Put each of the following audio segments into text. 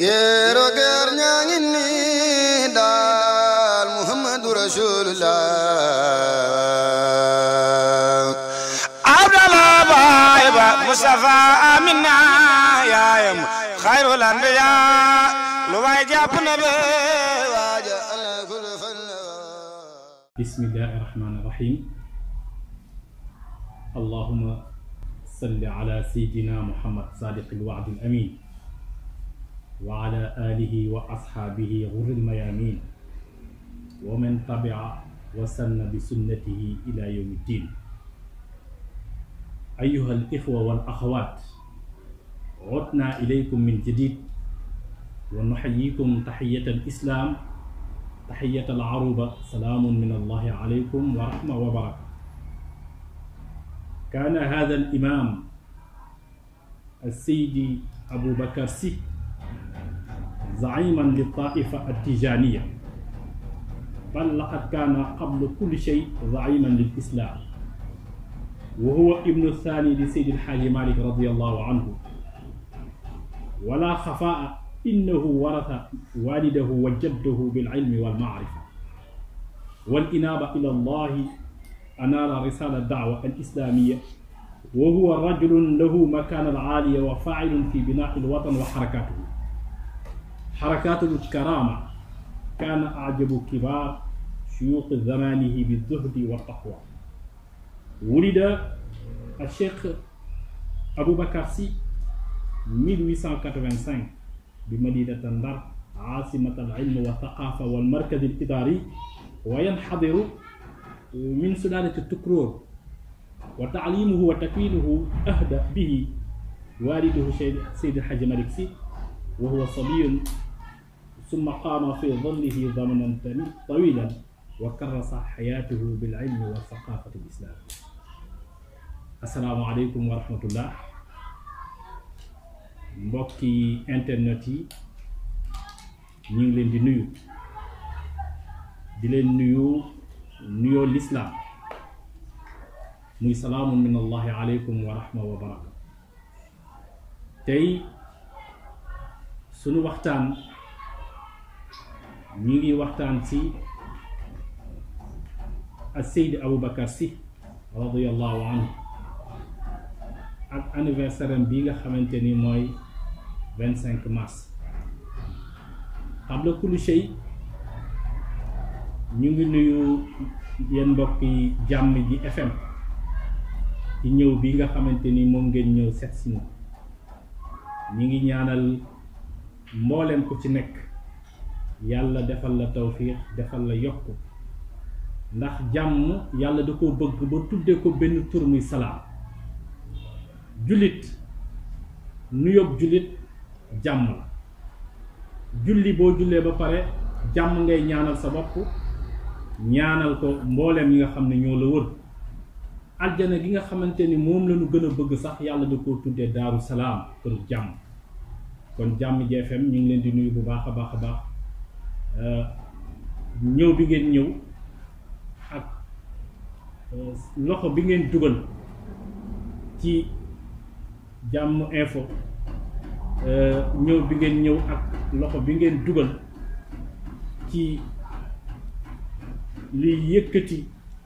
géero géer ñaa ngi nii daal muhammadu rasulullah abdallah baay ba mustafa amina yaayam xayrul anbiya lu waay jàpp na be waaja allah kul fan bismillahi rahmani rahim allahumma salli ala sayyidina muhammad sadiq al wa'd al amin wa ala alihi wa ashaabihi xurril mayaamiin wa man tabia wa sanna bi sunnatihi ila yawmi ddiin ayyuha al ixwa wal axawaat udnaa ilaykum min jadiid wa nuxayyikum taxiyata al islaam taxiyata al aruba salaamun min allahi alaykum wa rahma wa baraka kaana haada al imaam as-saydi Abu Bakar Si zaiman li taifa attijaniya bal laqad kaana qabla kulli shay zaiman lil islaam wa huwa ibnu thani li seydi alxaaji malik radiallahu anhu wala xafaa innahu warasa waalidahu wa jaddahu bililmi walmaarifa walinaaba ila allahi anaala risala daawa alislaamiya wa huwa rajulun lahu makaana alaaliya wa faacilun fi binaa alwatan wa xarakatuhu xarakaatul karaama kaana ajabu kibaar suyuuqi zamaanihi bi zuhdi wa taqwa wulida acheikh Aboubacar Sy 1885 bi madinata Ndar عاصمة العلم والثقافة والمركز الإداري وينحدر من سلالة التكرور وتعليمه وتكوينه أهدأ به والده سيد الحاج مالك سي wa huwa sabiyun summa qaama fi zillihi zamanan tawilan wa karasa xayaatuhu bil ilmi wa saqaafati l islaam assalaamu aleykum wa rahmatullah mbokki internet yi ñu ngi leen di nuyu di leen nuyu nuyoo lislaam muy salaamun min allahi aleykum wa rahma wa baraka tey suñu waxtaan ñu ngi waxtaan ci as-Seyd Aboubacar Sy radiyallahu anhu ak anniversaire am bii nga xamante ni mooy vingt cinq mars qabla kulli ñu ngi nuyu yéen mbokk jàmm ji FM ci ñëw bi nga xamante ni moom ngeen ñëw set si ñu ngi ñaanal mbooleem ko ci nekk yàlla defal la tawfiix defal la yokk ndax jàmm yàlla da koo bëgg ba tuddee ko benn tur muy salaam jullit nuyób jullit jàmm la julli boo jullee ba pare jàmm ngay ñaanal sa bopp ñaanal ko mboolem yi nga xam ne ñoo la wër aljana gi nga xamante ni moom la ñu gën a bëgg sax yàlla da ko tuddee daaru salaam këru jàmm kon jàmm ji FM ñu ngi leen di nuyu bu baax a baax a baax euh, ñëw bi ngeen ñëw ak euh, loxo bi ngeen dugal ci jàmm info euh, ñëw bi ngeen ñëw ak loxo bi ngeen dugal ci liy yëkkati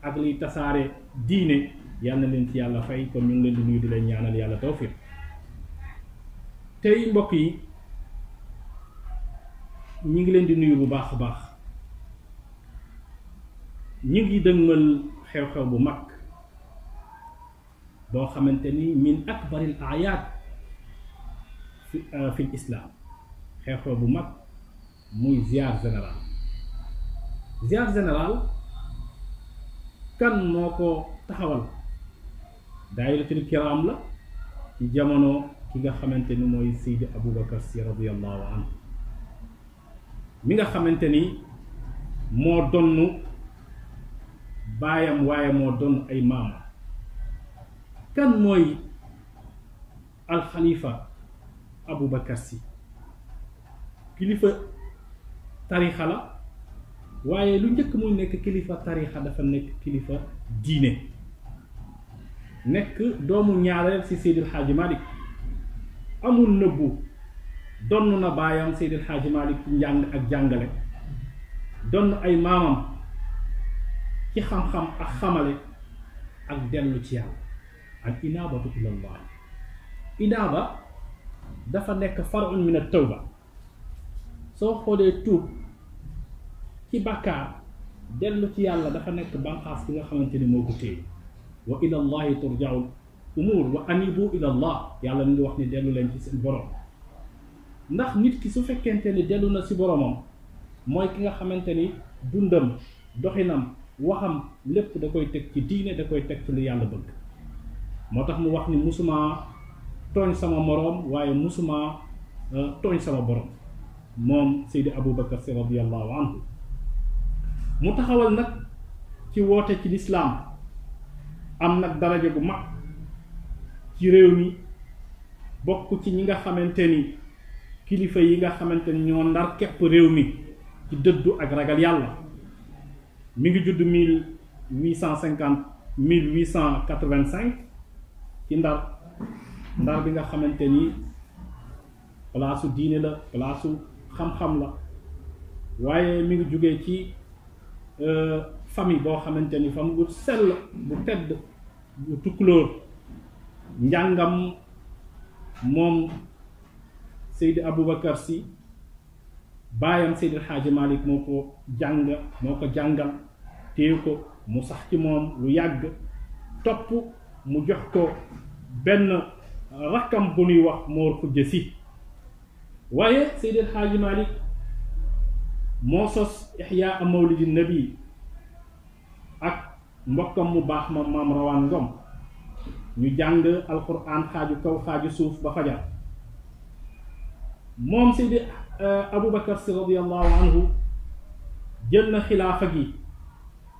ak liy tasaare diine yàlla na leen ci yàlla fay kon ñu ngi leen di nuyu di leen ñaanal yàlla tawfiq tey mbokk yi ñu ngi leen di nuyu bu baax a baax ñu ngi dëgmal xew-xew bu mag boo xamante ni min akbaril ayaat fi euh, fil islaam xew-xew bu mag muy ziar général ziar général kan moo ko taxawal daayiratul kiraam la ci jamono ki nga xamante ni mooy Seydi Aboubacar si radiyallahu anhu mi nga xamante ni moo donn baayam waaye moo donn ay maama kan mooy alxalifa Aboubacar si kilifa tarixa la waaye lu njëkk muy nekk kilifa tarixa dafa nekk kilifa diine nekk doomu ñaareel ci Seydil Hadji Malick amul nëbbu donn na baayam Seydil Hadji njàng ak jàngale donn ay maamam ci xam-xam ak xamale ak dellu ci yàlla ak inaabatu ilallah inaaba dafa nekk farun min at tawba soo xoolee tuub ci bàkkaar dellu ci yàlla dafa nekk banqaas bi nga xamante ni moo ko téye wa ilallahi turjaul umur wa anibu ila yàlla mi ngi wax ni dellu leen ci seen borom ndax nit ki su fekkente ni dellu na si boromam mooy ki nga xamante ni dundam doxinam waxam lépp da koy teg ci diine da koy teg ci lu yàlla bëgg moo tax mu wax ni musuma tooñ sama moroom waaye musuma euh, tooñ sama borom moom Seydi Aboubacar si radiallahu anhu mu taxawal nag ci woote ci lislaam am nag daraja bu mag ci réew mi bokk ci ñi nga xamante ni kilifa yi nga xamante ni ñoo ndar képp réew mi ci dëddu ak ragal yàlla mi ngi judd mille huit cent cinquante mille huit cent quatre-vingt-cinq ci ndar ndar bi nga xamante ni palaasu diine la palaasu xam-xam la waaye mi ngi jugee ci euh, famille boo xamante ni famille bu sell bu tedd bu tukkulóor njàngam moom Seydi Aboubacar Sy baayam Seydi El Hadji moo ko jàng moo ko jàngal téye ko mu sax ci moom lu yàgg topp mu jox ko benn rakkam bu ñuy wax Mor Khoudia Sy waaye Seydi El Hadji moo sos Ihya Mawlidi Nabi ak mbokkam mu baax ma maam Rawaan Ngom ñu jàng alquran xaaju kaw xaaju suuf ba fajar moom Seydi euh, Aboubacar radiallahu anhu xilaafa gi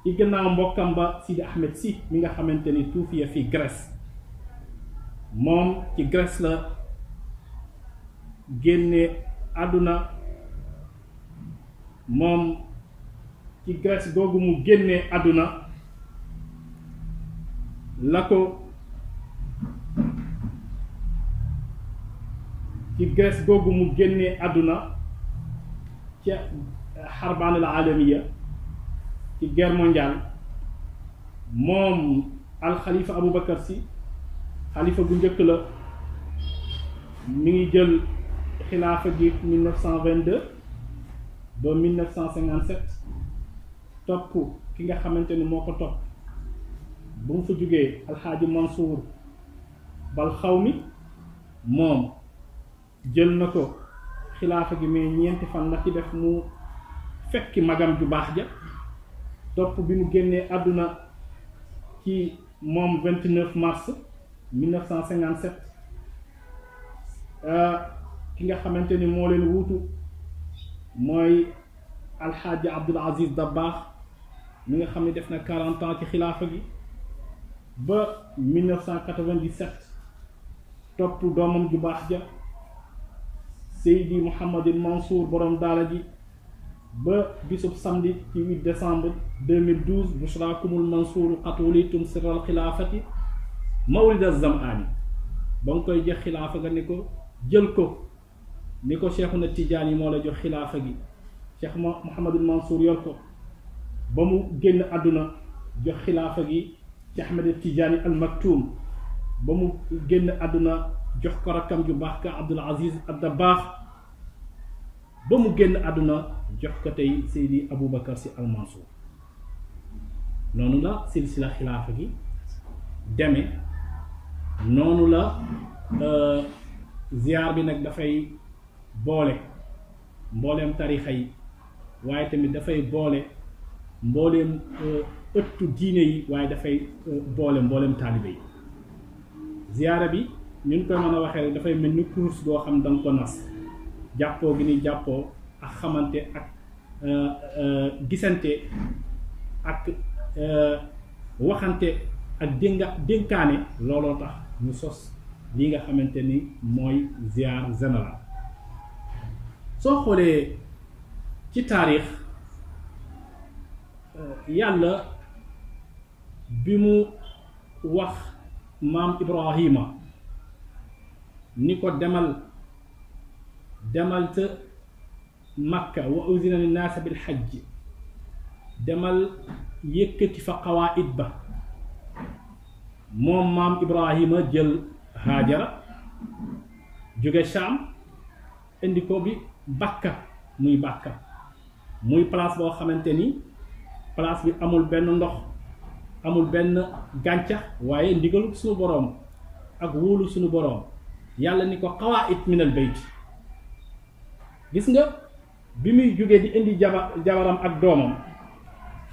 ci gannaaw mbokkam ba Sidi Ahmed si mi nga xamante ni tuufiya fi Grèce moom ci Grèce la génne àdduna moom ci Grèce boobu mu génnee àdduna la ko ci Grèce boobu mu génnee àdduna ca xarbaan al alamiya ci guerre mondiale moom alxalifa Aboubacar si xalifa bu njëkk la mu ngi jël xilaafa gi 1922 ba 1957 topp ki nga xamante ni moo ko topp bu mu fa jógee alxaaji Mansour bal xaw mi moom jël na ko xilaafa gi mais ñeenti fan la ci def mu fekk magam ju baax ja topp bi mu génnee àdduna ci moom 29 mars 1957 euh, ki nga xamante ni moo leen wuutu mooy alxaaji Abdul Aziz Dabbaax mu nga xam ne def na 40 ans ci xilaafa gi ba 1997 topp doomam ju baax ja Seydi Mouhamadul Mansour borom daala ji ba bisub samedi ci 8 décembre 2012 bushraakumul Mansour qad wulitum sirral xilaafati mawlida zamaani ba nga koy jox xilaafa ga ni ko jël ko ni ko Cheikhuna Tidiane yi moo la jox xilaafa gi Cheikh Mouhamadul Mansour yor ba mu génn àdduna jox xilaafa gi Cheikh Ahmed Tidiane al Maktoum ba mu génn àdduna. jox ko rakkam ju baax ka Abdul Aziz Ad-Dabbaax ba mu génn àdduna jox ko tey Seydi Aboubacar Sy Al Mansour noonu la silsila xilaafa gi demee noonu la euh, ziar bi nag dafay boole mbooleem tarixa yi waaye tamit dafay boole mbooleem euh, ëttu diine yi waaye dafay euh, boole mbooleem taalibe yi ziyaara bi ni koy mën a waxee dafay mel ni course boo xam da nga ko nas jàppoo gi ni jàppoo ak xamante ak euh, euh, gisante ak euh, waxante ak dénga dénkaane looloo tax mu sos li nga xamante ni mooy ziar général soo xoolee ci taarix yàlla bi mu wax maam Ibrahima ni ko demal demal ca makka wa uzina linnaasa bil xajj demal yëkkati fa xawaayit ba moom maam ibrahima jël haajara jóge Sham indi ko bi bàkka muy bàkka muy place boo xamante ni place bi amul benn ndox amul benn gàncax waaye ndigalu suñu boroom ak wóolu sunu boroom yàlla ni ko xawaa it minal bayt gis nga bi muy jógee di indi jaba jabaram ak doomam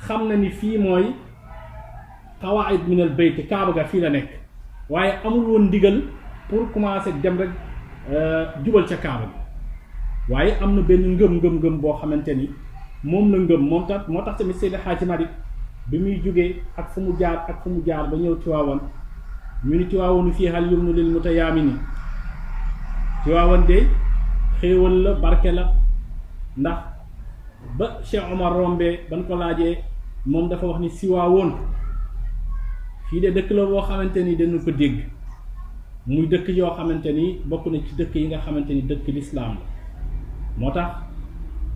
xam na ni fii mooy xawaa it minal bayt kaaba ga fii la nekk waaye amul woon ndigal pour commencer dem rek euh, jubal ca kaaba bi waaye am na benn ngëm ngëm ngëm boo xamante ni moom la ngëm moom tax moo tax tamit Seydi Hadji Malick bi muy jógee ak fu mu jaar ak fu mu jaar ba ñëw Tiwaawan ñu ni Tiwaawan fii hal yumnu lil mutayaamini Tiwaawan de xéewal la barke la ndax ba Cheikh Omar rombee ban ko laajee moom dafa wax ni Siwaawoon fii de dëkk la boo xamante ni dañu ko dégg mu dëkk yoo xamante ni bokk na ci dëkk yi nga xamante ni dëkk lislaam la moo tax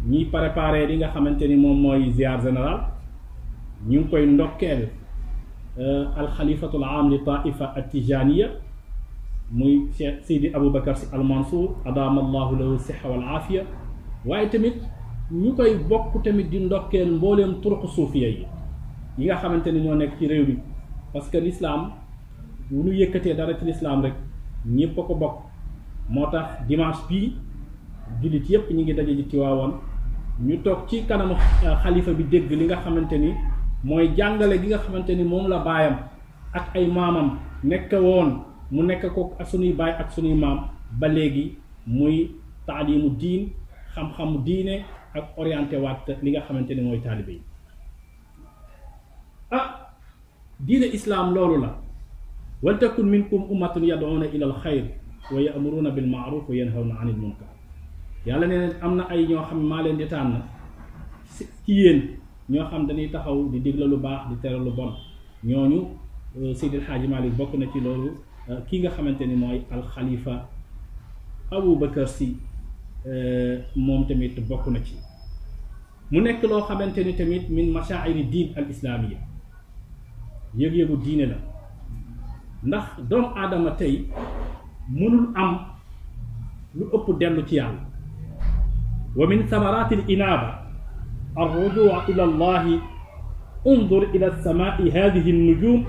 ñiy préparé li nga xamante ni moom mooy ziar général ñu ngi koy ndokkeel euh, alxalifatul am li taifa at tijaniya muy Cheikh Seydi Aboubacar si Almansour adaamallaahu lahu siha wal aafiya waaye tamit ñu koy bokk tamit di ndokkeel mbooleem turuq suufiya yi yi nga xamante ne ñoo nekk ci réew mi parce que l'islam bu ñu yëkkatee dara ci l'islam rek ñëpp a ko bokk moo tax dimanche bii jullit yépp ñu ngi daje ci waawan ñu toog ci kanamu euh, xalifa bi dégg li nga xamante ni mooy jàngale gi nga xamante ni moom la baayam ak ay maamam nekk woon mu nekk ko ak sunuy baay ak sunuy maam ba léegi muy taalimu diin xam-xamu diine ak orienté waat li nga xamante ne mooy taalibe yi ah diine islaam loolu la waltakun minkum ummatun yad'una ila al xayr wa ya'muruna bil ma'ruf wa yanhawna anil munkar yàlla ne am na ay ñoo xam maa leen di tànn ci yéen ñoo xam dañuy taxaw di digle lu baax di tere lu bon ñooñu euh, Seydil Hadji Malick bokk na ci loolu Euh, ki nga xamante ni mooy alxalifa Aboubacar si euh, moom tamit bokk na ci mu nekk loo xamante ni tamit min mashaa'iri diin al islaamiya yëg-yëgu diine la ndax doomu aadama tey mënul am lu ëpp dellu ci yàlla wa min samaraati l inaaba arrujuu ila allahi undur ila samaai hadihi nnujum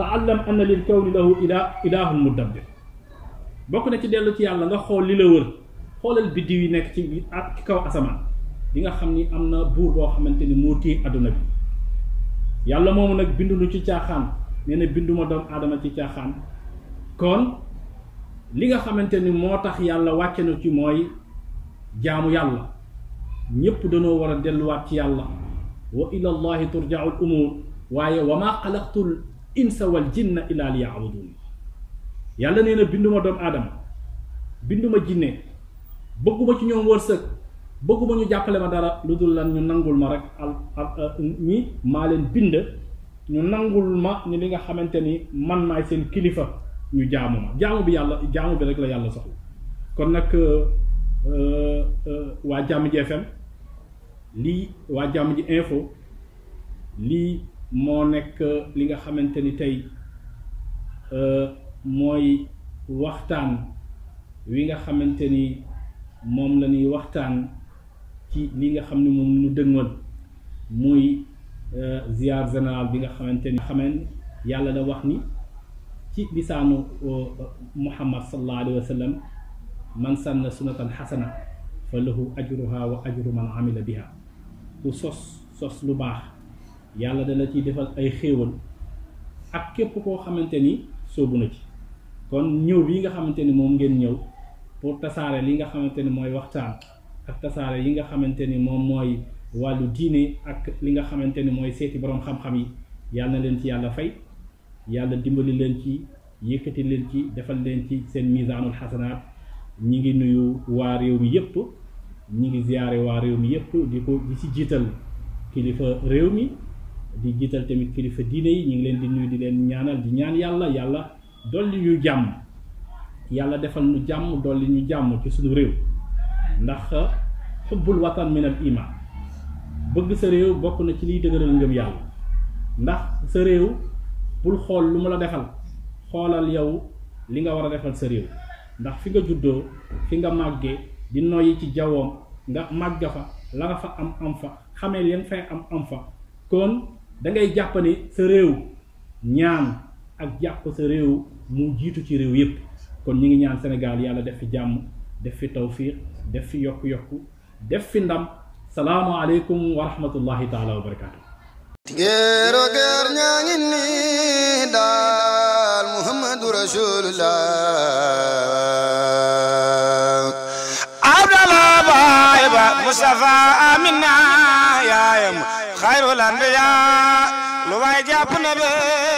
taallam anna lil kawni lahu ila ilahun mudabbir bokk na ci dellu ci yàlla nga xool li la wër xoolal biddiw yi nekk ci ci kaw asamaan di nga xam ni am na buur boo xamante ni moo téye adduna bi yàlla moomu nag bindulu ci caaxaan nee binduma doomu aadama ci caaxaan kon li nga xamante ni moo tax yàlla wàcce na ci mooy jaamu yàlla ñépp dañoo war a delluwaat ci yàlla wa ila allahi umur waaye wa maa xalaqtul insa wal jinna illa liya'budun yàlla nee na binduma doomu aadama binduma jinne bëgguma ci ñoom wërsëg bëgguma ñu jàppale ma dara lu dul lan ñu nangul ma rek al al euh, ñi maa leen bind ñu nangul ma ñu li nga xamante ni man maay seen kilifa ñu jaamu ma jaamu bi yàlla jaamu bi rek la yàlla soxla kon nag euh, euh, waa jàmm ji FM lii waa jàmm ji info lii moo nekk li nga xamante ni tey euh, mooy waxtaan wi nga xamante ni moom la ñuy waxtaan ci li nga xam ni moom nu dëgmal muy euh, ziar général bi nga xamante ni xameen yàlla da wax ni ci lisaanu euh, muhammad sallallahu alayhi wa sallam man sanna sunatan xasana fa lahu ajruha wa ajru man amila biha ku sos sos lu baax yàlla dala ciy defal ay xéewal ak képp koo xamante ni sóobu na ci kon ñëw bi nga xamante ni moom ngeen ñëw pour tasaare li nga xamante ni mooy waxtaan ak tasaare yi nga xamante ni moom mooy wàllu diine ak li nga xamante ni mooy seeti boroom xam-xam yi yàlla na leen ci yàlla fay yàlla dimbali leen ci yëkkati leen ci defal leen ci seen misaanul xasanaat ñi ngi nuyu waa réew mi yépp ñi ngi ziyaare waa réew mi yépp di ko di ci jiital kilifa réew mi di jiital tamit kilifa diine yi ñu ngi leen di nuyu di leen ñaanal di ñaan yàlla yàlla dolli ñu jàmm yàlla defal ñu jàmm dolli ñu jàmm ci suñu réew ndax xubbul watan min al iman bëgg sa réew bokk na ci liy dëgëral ngëm yàlla ndax sa réew bul xool lu mu la defal xoolal yow li nga war a defal sa réew ndax fi nga juddoo fi nga màggee di noyyi ci jawoom nga màgg fa la nga fa am am fa xamee leen fay am am fa kon dangay ngay sa réew ñaan ak jàpp sa réew mu jiitu ci réew yépp kon ñi ngi ñaan senegal yàlla def fi jàmm def fi tawfiq def fi yokku-yokku def fi ndam salaamualeykum wa rahmatullahi taala wa barakaatu géero géer ñaa ngi nii daal muhammadu rasulullah abdallah baay ba mustafa amina yaayam xayrul anbiya lu waay jàpp na be